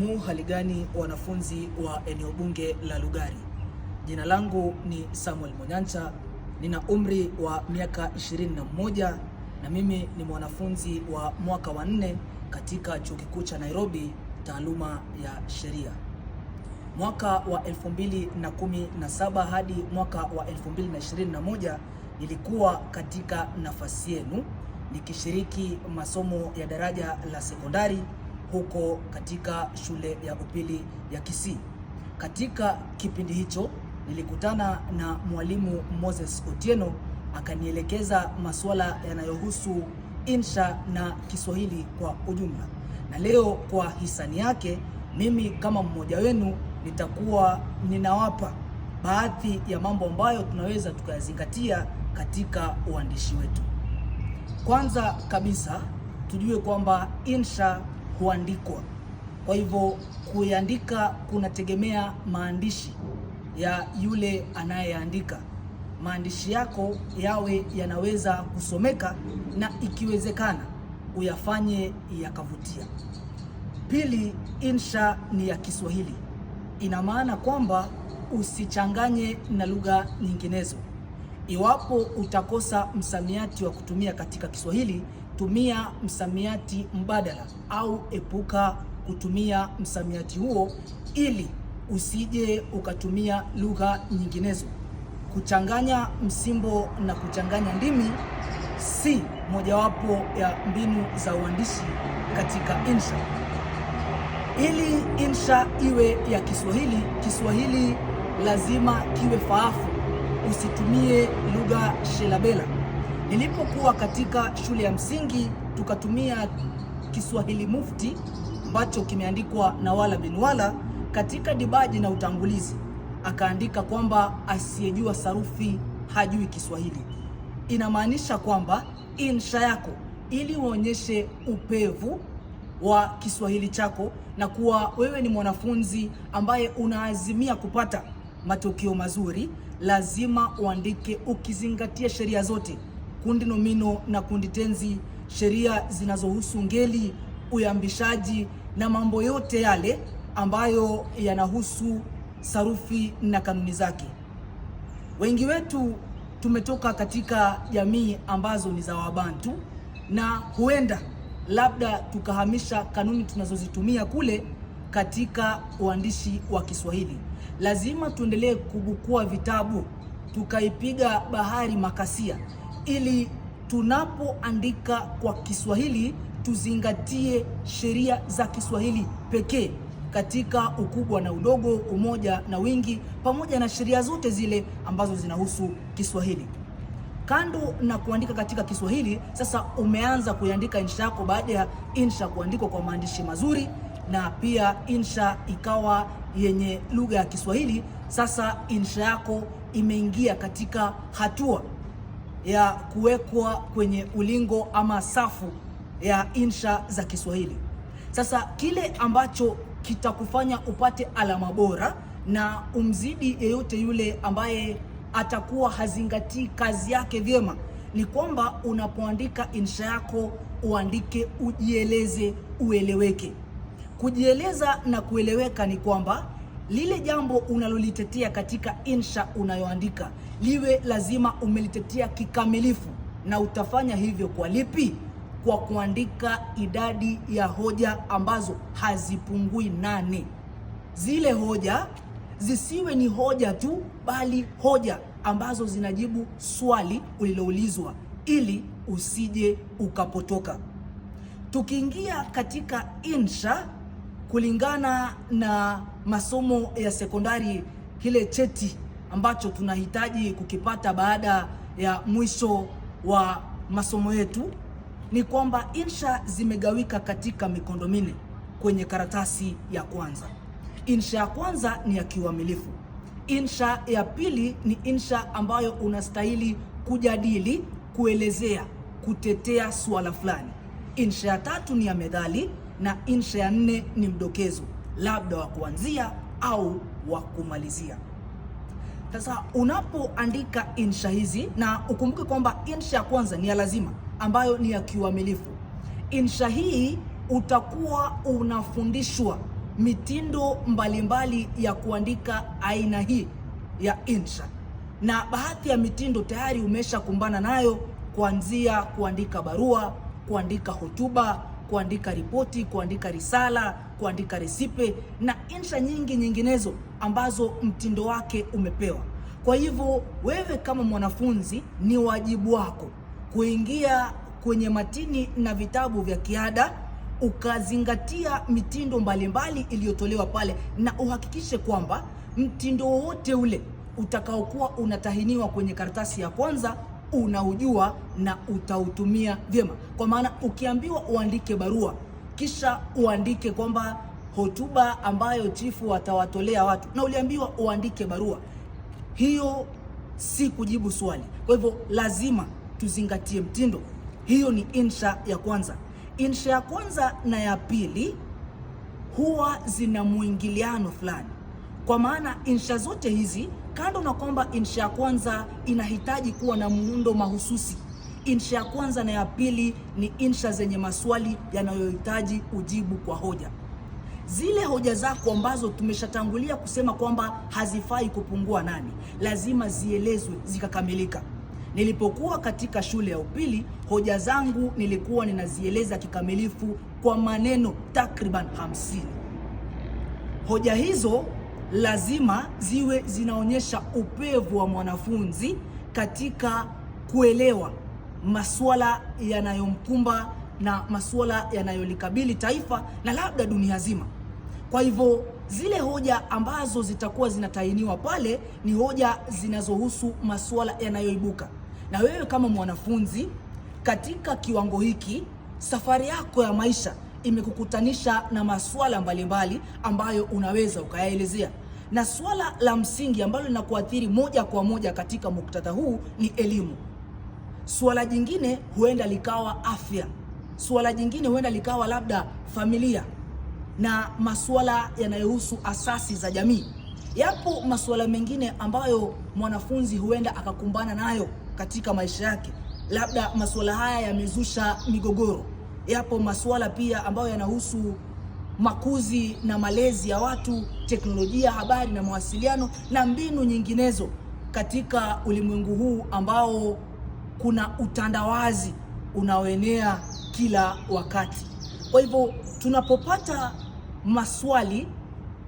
Mu hali gani, wanafunzi wa eneo bunge la Lugari? Jina langu ni Samuel Munyancha, nina umri wa miaka 21 na mimi ni mwanafunzi wa mwaka wa nne katika chuo kikuu cha Nairobi, taaluma ya sheria. Mwaka wa 2017 hadi mwaka wa 2021 nilikuwa katika nafasi yenu nikishiriki masomo ya daraja la sekondari huko katika shule ya upili ya Kisii. Katika kipindi hicho nilikutana na mwalimu Moses Otieno akanielekeza masuala yanayohusu insha na Kiswahili kwa ujumla. Na leo kwa hisani yake mimi kama mmoja wenu nitakuwa ninawapa baadhi ya mambo ambayo tunaweza tukayazingatia katika uandishi wetu. Kwanza kabisa tujue kwamba insha huandikwa. Kwa hivyo kuiandika kunategemea maandishi ya yule anayeandika. Maandishi yako yawe yanaweza kusomeka na ikiwezekana uyafanye yakavutia. Pili, insha ni ya Kiswahili. Ina maana kwamba usichanganye na lugha nyinginezo. Iwapo utakosa msamiati wa kutumia katika Kiswahili tumia msamiati mbadala au epuka kutumia msamiati huo ili usije ukatumia lugha nyinginezo. Kuchanganya msimbo na kuchanganya ndimi si mojawapo ya mbinu za uandishi katika insha. Ili insha iwe ya Kiswahili, Kiswahili lazima kiwe faafu. Usitumie lugha shelabela. Nilipokuwa katika shule ya msingi tukatumia Kiswahili mufti ambacho kimeandikwa na Wala bin Wala katika dibaji na utangulizi akaandika kwamba asiyejua sarufi hajui Kiswahili. Inamaanisha kwamba insha yako ili uonyeshe upevu wa Kiswahili chako na kuwa wewe ni mwanafunzi ambaye unaazimia kupata matokeo mazuri, lazima uandike ukizingatia sheria zote kundi nomino na kundi tenzi, sheria zinazohusu ngeli, uyambishaji na mambo yote yale ambayo yanahusu sarufi na kanuni zake. Wengi wetu tumetoka katika jamii ambazo ni za Wabantu na huenda labda tukahamisha kanuni tunazozitumia kule katika uandishi wa Kiswahili. Lazima tuendelee kubukua vitabu, tukaipiga bahari makasia ili tunapoandika kwa Kiswahili tuzingatie sheria za Kiswahili pekee katika ukubwa na udogo, umoja na wingi, pamoja na sheria zote zile ambazo zinahusu Kiswahili. Kando na kuandika katika Kiswahili, sasa umeanza kuiandika insha yako baada ya insha kuandikwa kwa maandishi mazuri na pia insha ikawa yenye lugha ya Kiswahili. Sasa insha yako imeingia katika hatua ya kuwekwa kwenye ulingo ama safu ya insha za Kiswahili. Sasa kile ambacho kitakufanya upate alama bora na umzidi yeyote yule ambaye atakuwa hazingatii kazi yake vyema ni kwamba unapoandika insha yako uandike, ujieleze, ueleweke. Kujieleza na kueleweka ni kwamba lile jambo unalolitetea katika insha unayoandika liwe lazima umelitetea kikamilifu, na utafanya hivyo kwa lipi? Kwa kuandika idadi ya hoja ambazo hazipungui nane. Zile hoja zisiwe ni hoja tu, bali hoja ambazo zinajibu swali uliloulizwa, ili usije ukapotoka. Tukiingia katika insha kulingana na masomo ya sekondari, kile cheti ambacho tunahitaji kukipata baada ya mwisho wa masomo yetu ni kwamba insha zimegawika katika mikondo minne kwenye karatasi ya kwanza. Insha ya kwanza ni ya kiuamilifu. Insha ya pili ni insha ambayo unastahili kujadili, kuelezea, kutetea suala fulani. Insha ya tatu ni ya medhali na insha ya nne ni mdokezo, labda wa kuanzia au wa kumalizia. Sasa unapoandika insha hizi, na ukumbuke kwamba insha ya kwanza ni ya lazima ambayo ni ya kiuamilifu. Insha hii utakuwa unafundishwa mitindo mbalimbali mbali ya kuandika aina hii ya insha, na baadhi ya mitindo tayari umeshakumbana nayo, kuanzia kuandika barua, kuandika hotuba kuandika ripoti, kuandika risala, kuandika resipe na insha nyingi nyinginezo ambazo mtindo wake umepewa. Kwa hivyo wewe kama mwanafunzi, ni wajibu wako kuingia kwenye matini na vitabu vya kiada ukazingatia mitindo mbalimbali iliyotolewa pale, na uhakikishe kwamba mtindo wowote ule utakaokuwa unatahiniwa kwenye karatasi ya kwanza unaujua na utautumia vyema. Kwa maana ukiambiwa uandike barua kisha uandike kwamba hotuba ambayo chifu atawatolea watu, na uliambiwa uandike barua, hiyo si kujibu swali. Kwa hivyo lazima tuzingatie mtindo. Hiyo ni insha ya kwanza. Insha ya kwanza na ya pili huwa zina mwingiliano fulani, kwa maana insha zote hizi Kando na kwamba insha ya kwanza inahitaji kuwa na muundo mahususi, insha ya kwanza na ya pili ni insha zenye maswali yanayohitaji ujibu kwa hoja. Zile hoja zako ambazo tumeshatangulia kusema kwamba hazifai kupungua nane, lazima zielezwe zikakamilika. Nilipokuwa katika shule ya upili, hoja zangu nilikuwa ninazieleza kikamilifu kwa maneno takriban hamsini. Hoja hizo lazima ziwe zinaonyesha upevu wa mwanafunzi katika kuelewa masuala yanayomkumba na masuala yanayolikabili taifa na labda dunia zima. Kwa hivyo zile hoja ambazo zitakuwa zinatainiwa pale ni hoja zinazohusu masuala yanayoibuka. Na wewe kama mwanafunzi katika kiwango hiki, safari yako ya maisha imekukutanisha na masuala mbalimbali ambayo unaweza ukayaelezea na swala la msingi ambalo linakuathiri moja kwa moja katika muktadha huu ni elimu. Swala jingine huenda likawa afya, swala jingine huenda likawa labda familia na masuala yanayohusu asasi za jamii. Yapo masuala mengine ambayo mwanafunzi huenda akakumbana nayo katika maisha yake, labda masuala haya yamezusha migogoro. Yapo masuala pia ambayo yanahusu makuzi na malezi ya watu, teknolojia, habari na mawasiliano na mbinu nyinginezo katika ulimwengu huu ambao kuna utandawazi unaoenea kila wakati. Kwa hivyo tunapopata maswali,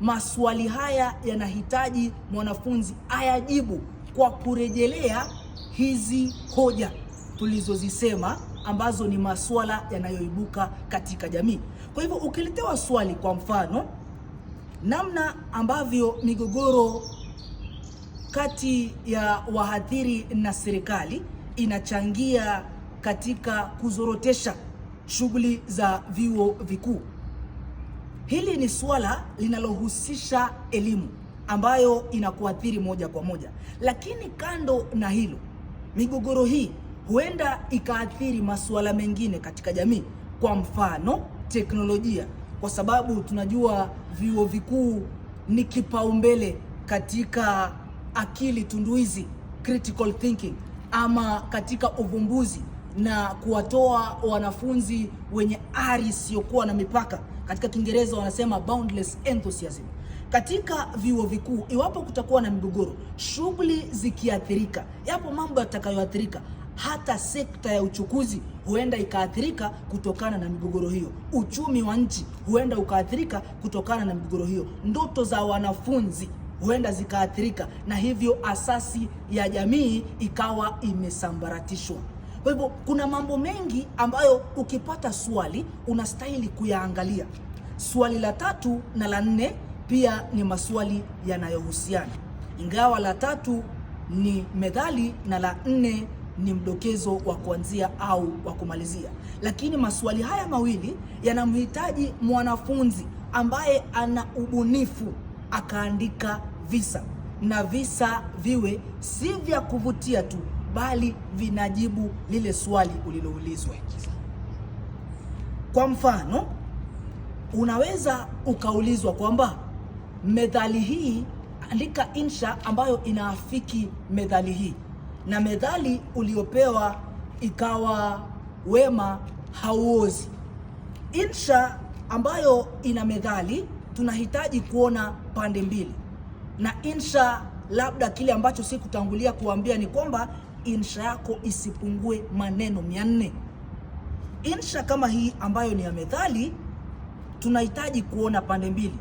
maswali haya yanahitaji mwanafunzi ayajibu kwa kurejelea hizi hoja tulizozisema ambazo ni masuala yanayoibuka katika jamii. Kwa hivyo ukiletewa swali kwa mfano namna ambavyo migogoro kati ya wahadhiri na serikali inachangia katika kuzorotesha shughuli za vyuo vikuu. Hili ni swala linalohusisha elimu ambayo inakuathiri moja kwa moja, lakini kando na hilo, migogoro hii huenda ikaathiri masuala mengine katika jamii, kwa mfano teknolojia, kwa sababu tunajua vyuo vikuu ni kipaumbele katika akili tunduizi, critical thinking, ama katika uvumbuzi na kuwatoa wanafunzi wenye ari isiyokuwa na mipaka. Katika Kiingereza wanasema boundless enthusiasm. Katika vyuo vikuu, iwapo kutakuwa na migogoro, shughuli zikiathirika, yapo mambo yatakayoathirika, hata sekta ya uchukuzi huenda ikaathirika kutokana na migogoro hiyo. Uchumi wa nchi huenda ukaathirika kutokana na migogoro hiyo. Ndoto za wanafunzi huenda zikaathirika, na hivyo asasi ya jamii ikawa imesambaratishwa. Kwa hivyo kuna mambo mengi ambayo ukipata swali unastahili kuyaangalia. Swali la tatu na la nne pia ni maswali yanayohusiana, ingawa la tatu ni methali na la nne ni mdokezo wa kuanzia au wa kumalizia, lakini maswali haya mawili yanamhitaji mwanafunzi ambaye ana ubunifu akaandika visa na visa viwe si vya kuvutia tu, bali vinajibu lile swali uliloulizwa. Kwa mfano, unaweza ukaulizwa kwamba methali hii, andika insha ambayo inaafiki methali hii na medali uliopewa ikawa wema hauozi. Insha ambayo ina medali tunahitaji kuona pande mbili, na insha, labda kile ambacho si kutangulia kuambia ni kwamba insha yako isipungue maneno mia nne. Insha kama hii ambayo ni ya methali tunahitaji kuona pande mbili,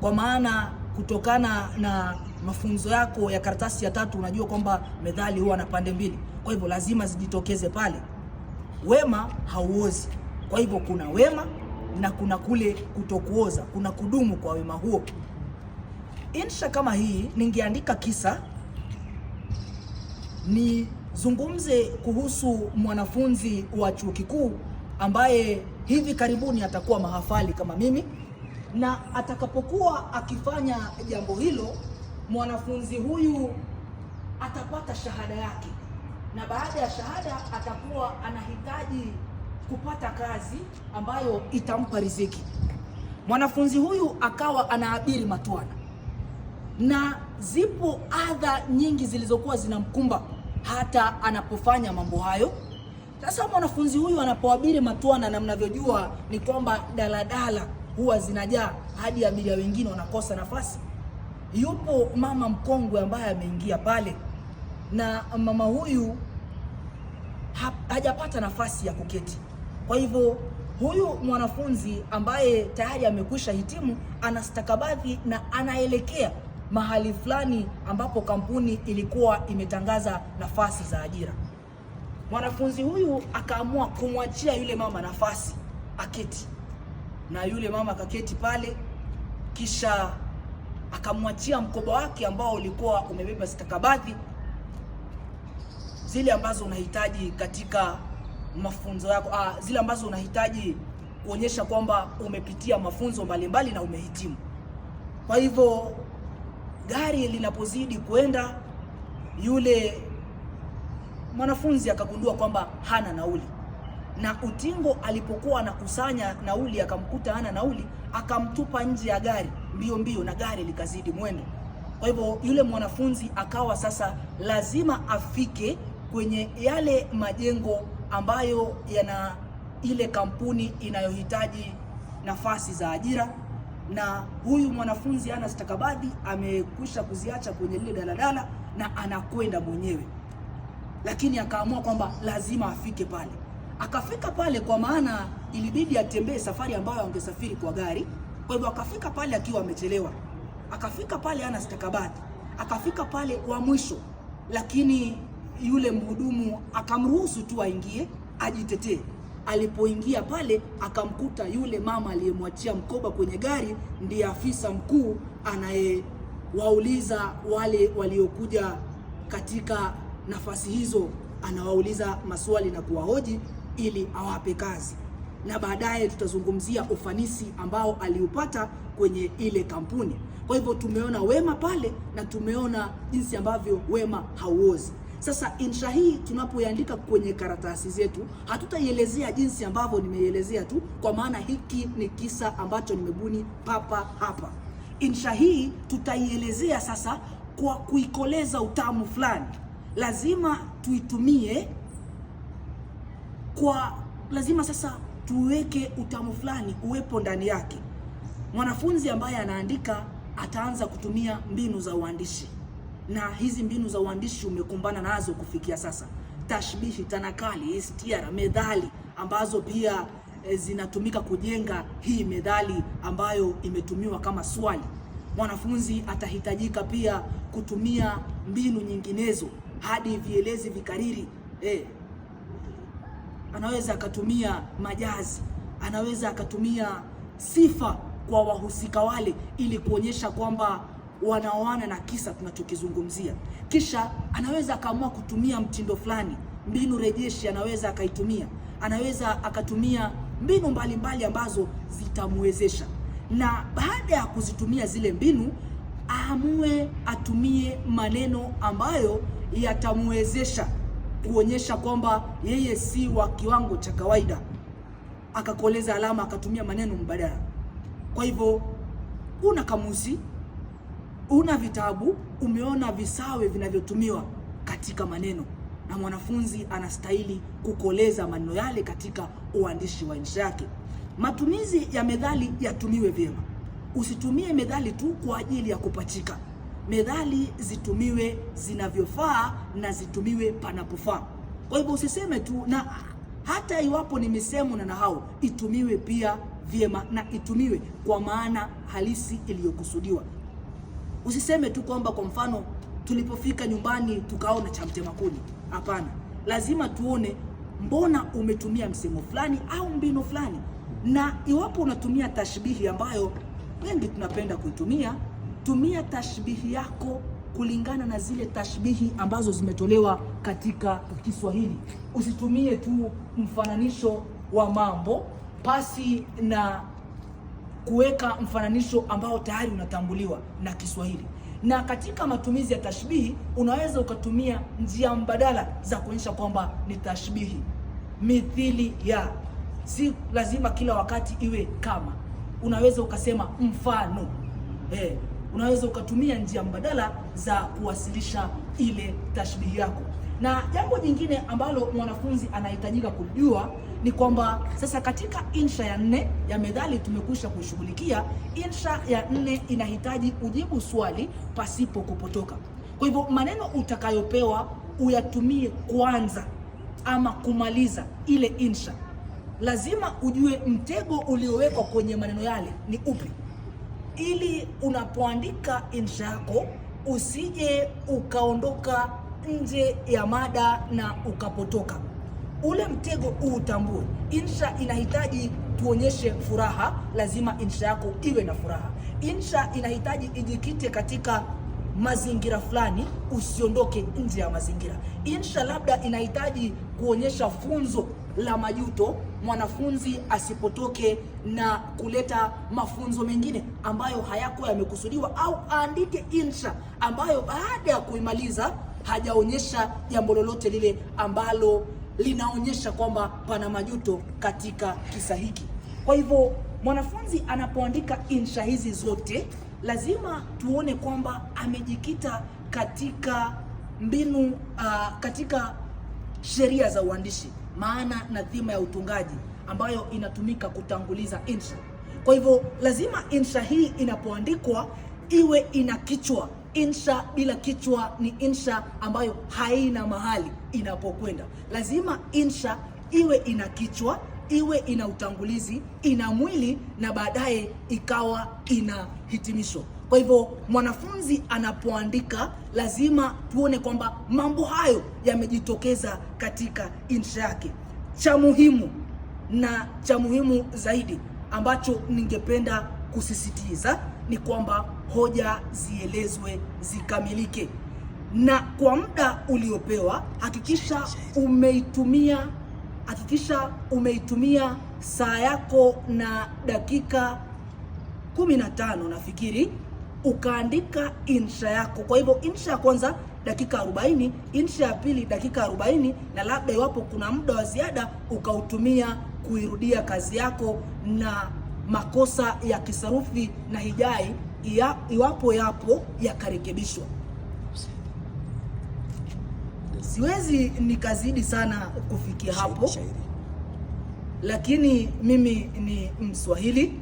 kwa maana kutokana na mafunzo yako ya karatasi ya tatu, unajua kwamba medali huwa na pande mbili, kwa hivyo lazima zijitokeze pale. Wema hauozi, kwa hivyo kuna wema na kuna kule kutokuoza, kuna kudumu kwa wema huo. Insha kama hii ningeandika kisa nizungumze kuhusu mwanafunzi wa chuo kikuu ambaye hivi karibuni atakuwa mahafali kama mimi, na atakapokuwa akifanya jambo hilo mwanafunzi huyu atapata shahada yake, na baada ya shahada atakuwa anahitaji kupata kazi ambayo itampa riziki. Mwanafunzi huyu akawa anaabiri matwana, na zipo adha nyingi zilizokuwa zinamkumba hata anapofanya mambo hayo. Sasa mwanafunzi huyu anapoabiri matwana, na mnavyojua ni kwamba daladala huwa zinajaa hadi abiria wengine wanakosa nafasi yupo mama mkongwe ambaye ameingia pale, na mama huyu ha hajapata nafasi ya kuketi. Kwa hivyo huyu mwanafunzi ambaye tayari amekwisha hitimu anastakabadhi na anaelekea mahali fulani ambapo kampuni ilikuwa imetangaza nafasi za ajira. Mwanafunzi huyu akaamua kumwachia yule mama nafasi aketi, na yule mama akaketi pale kisha akamwachia mkoba wake ambao ulikuwa umebeba stakabadhi zile ambazo unahitaji katika mafunzo yako, ah, zile ambazo unahitaji kuonyesha kwamba umepitia mafunzo mbalimbali na umehitimu. Kwa hivyo gari linapozidi kwenda, yule mwanafunzi akagundua kwamba hana nauli, na utingo alipokuwa anakusanya nauli akamkuta hana nauli akamtupa nje ya gari mbio mbio, na gari likazidi mwendo. Kwa hivyo yule mwanafunzi akawa sasa lazima afike kwenye yale majengo ambayo yana ile kampuni inayohitaji nafasi za ajira, na huyu mwanafunzi ana stakabadhi, amekwisha kuziacha kwenye lile daladala na anakwenda mwenyewe, lakini akaamua kwamba lazima afike pale. Akafika pale kwa maana ilibidi atembee safari ambayo angesafiri kwa gari. Kwa hivyo akafika pale akiwa amechelewa, akafika pale ana stakabadhi, akafika pale wa mwisho, lakini yule mhudumu akamruhusu tu aingie ajitetee. Alipoingia pale akamkuta yule mama aliyemwachia mkoba kwenye gari ndiye afisa mkuu anayewauliza wale waliokuja katika nafasi hizo, anawauliza maswali na kuwahoji ili awape kazi na baadaye tutazungumzia ufanisi ambao aliupata kwenye ile kampuni. Kwa hivyo tumeona wema pale na tumeona jinsi ambavyo wema hauozi. Sasa insha hii tunapoiandika kwenye karatasi zetu, hatutaielezea jinsi ambavyo nimeielezea tu, kwa maana hiki ni kisa ambacho nimebuni papa hapa. Insha hii tutaielezea sasa kwa kuikoleza utamu fulani, lazima tuitumie kwa lazima sasa tuweke utamu fulani uwepo ndani yake. Mwanafunzi ambaye anaandika ataanza kutumia mbinu za uandishi, na hizi mbinu za uandishi umekumbana nazo kufikia sasa: tashbihi, tanakali, istiara, medhali ambazo pia e, zinatumika kujenga hii medhali ambayo imetumiwa kama swali. Mwanafunzi atahitajika pia kutumia mbinu nyinginezo hadi vielezi vikariri e, anaweza akatumia majazi, anaweza akatumia sifa kwa wahusika wale, ili kuonyesha kwamba wanaoana na kisa tunachokizungumzia. Kisha anaweza akaamua kutumia mtindo fulani, mbinu rejeshi anaweza akaitumia, anaweza akatumia mbinu mbalimbali mbali ambazo zitamwezesha, na baada ya kuzitumia zile mbinu aamue atumie maneno ambayo yatamwezesha kuonyesha kwamba yeye si wa kiwango cha kawaida, akakoleza alama, akatumia maneno mbadala. Kwa hivyo una kamusi, una vitabu, umeona visawe vinavyotumiwa katika maneno, na mwanafunzi anastahili kukoleza maneno yale katika uandishi wa insha yake. Matumizi ya methali yatumiwe vyema, usitumie methali tu kwa ajili ya kupachika methali zitumiwe zinavyofaa na zitumiwe panapofaa. Kwa hivyo usiseme tu, na hata iwapo ni misemo na nahau, itumiwe pia vyema na itumiwe kwa maana halisi iliyokusudiwa. Usiseme tu kwamba kwa mfano tulipofika nyumbani tukaona cha mtema kuni. Hapana, lazima tuone mbona umetumia msemo fulani au mbinu fulani, na iwapo unatumia tashbihi ambayo wengi tunapenda kuitumia tumia tashbihi yako kulingana na zile tashbihi ambazo zimetolewa katika Kiswahili. Usitumie tu mfananisho wa mambo pasi na kuweka mfananisho ambao tayari unatambuliwa na Kiswahili. Na katika matumizi ya tashbihi, unaweza ukatumia njia mbadala za kuonyesha kwamba ni tashbihi. Mithili ya, si lazima kila wakati iwe kama. Unaweza ukasema mfano eh unaweza ukatumia njia mbadala za kuwasilisha ile tashbihi yako. Na jambo jingine ambalo mwanafunzi anahitajika kujua ni kwamba sasa katika insha ya nne ya methali tumekwisha kushughulikia, insha ya nne inahitaji ujibu swali pasipo kupotoka. Kwa hivyo maneno utakayopewa uyatumie kwanza ama kumaliza ile insha. Lazima ujue mtego uliowekwa kwenye maneno yale ni upi ili unapoandika insha yako usije ukaondoka nje ya mada na ukapotoka ule mtego uutambue. Insha inahitaji tuonyeshe furaha, lazima insha yako iwe na furaha. Insha inahitaji ijikite katika mazingira fulani, usiondoke nje ya mazingira. Insha labda inahitaji kuonyesha funzo la majuto mwanafunzi asipotoke na kuleta mafunzo mengine ambayo hayako yamekusudiwa, au aandike insha ambayo baada ya kuimaliza hajaonyesha jambo lolote lile ambalo linaonyesha kwamba pana majuto katika kisa hiki. Kwa hivyo mwanafunzi anapoandika insha hizi zote, lazima tuone kwamba amejikita katika mbinu uh, katika sheria za uandishi maana na dhima ya utungaji ambayo inatumika kutanguliza insha. Kwa hivyo lazima insha hii inapoandikwa iwe ina kichwa. Insha bila kichwa ni insha ambayo haina mahali inapokwenda. Lazima insha iwe ina kichwa, iwe ina utangulizi, ina mwili na baadaye ikawa ina hitimisho. Kwa hivyo mwanafunzi anapoandika lazima tuone kwamba mambo hayo yamejitokeza katika insha yake. Cha muhimu na cha muhimu zaidi ambacho ningependa kusisitiza ni kwamba hoja zielezwe zikamilike, na kwa muda uliopewa hakikisha umeitumia hakikisha umeitumia saa yako na dakika 15 nafikiri ukaandika insha yako. Kwa hivyo insha ya kwanza dakika 40, insha ya pili dakika 40, na labda iwapo kuna muda wa ziada ukautumia kuirudia kazi yako na makosa ya kisarufi na hijai ya, iwapo yapo yakarekebishwa. Siwezi nikazidi sana kufikia hapo, lakini mimi ni Mswahili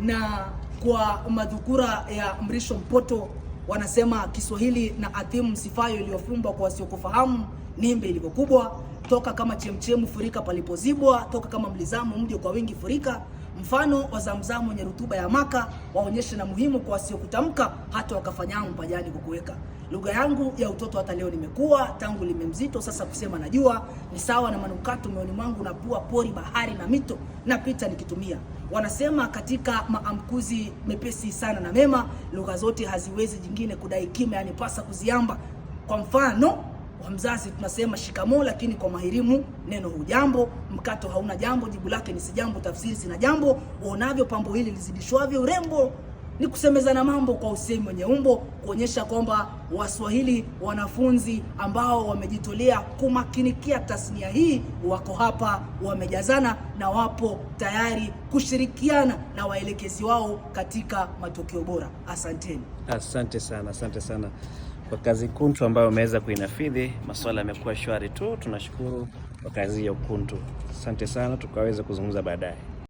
na kwa madhukura ya Mrisho Mpoto wanasema Kiswahili na adhimu sifayo iliyofumba kwa wasiokufahamu, nimbe ilivyokubwa, toka kama chemchemu furika palipozibwa, toka kama mlizamu mje kwa wingi furika Mfano wa Zamzamu wenye rutuba ya Maka waonyeshe na muhimu kwa wasiokutamka, hata wakafanyangu pajani kukuweka. Lugha yangu ya utoto hata leo nimekuwa, tangu limemzito sasa kusema najua, ni sawa na manukato moyoni mwangu napua pori, bahari na mito na pita nikitumia. Wanasema katika maamkuzi mepesi sana na mema, lugha zote haziwezi jingine kudai kima, yani pasa kuziamba. Kwa mfano kwa mzazi tunasema shikamoo, lakini kwa mahirimu neno hujambo. Mkato hauna jambo, jibu lake ni si jambo tafsiri sina jambo. Uonavyo pambo hili lizidishwavyo urembo, ni kusemezana mambo kwa usemi wenye umbo, kuonyesha kwamba Waswahili wanafunzi ambao wamejitolea kumakinikia tasnia hii wako hapa, wamejazana na wapo tayari kushirikiana na waelekezi wao katika matokeo bora. Asanteni, asante sana, asante sana kwa kazi kuntu ambayo umeweza kuinafidhi. Maswala yamekuwa shwari tu, tunashukuru kwa kazi ya kuntu. Asante sana, tukaweza kuzungumza baadaye.